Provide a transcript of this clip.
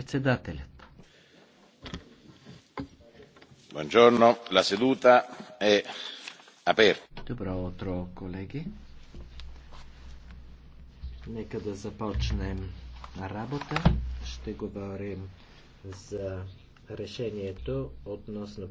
Председателят. Buongiorno, la seduta è aperta. Добро утро, колеги. Нека да започнем работа. Ще говорим за решението относно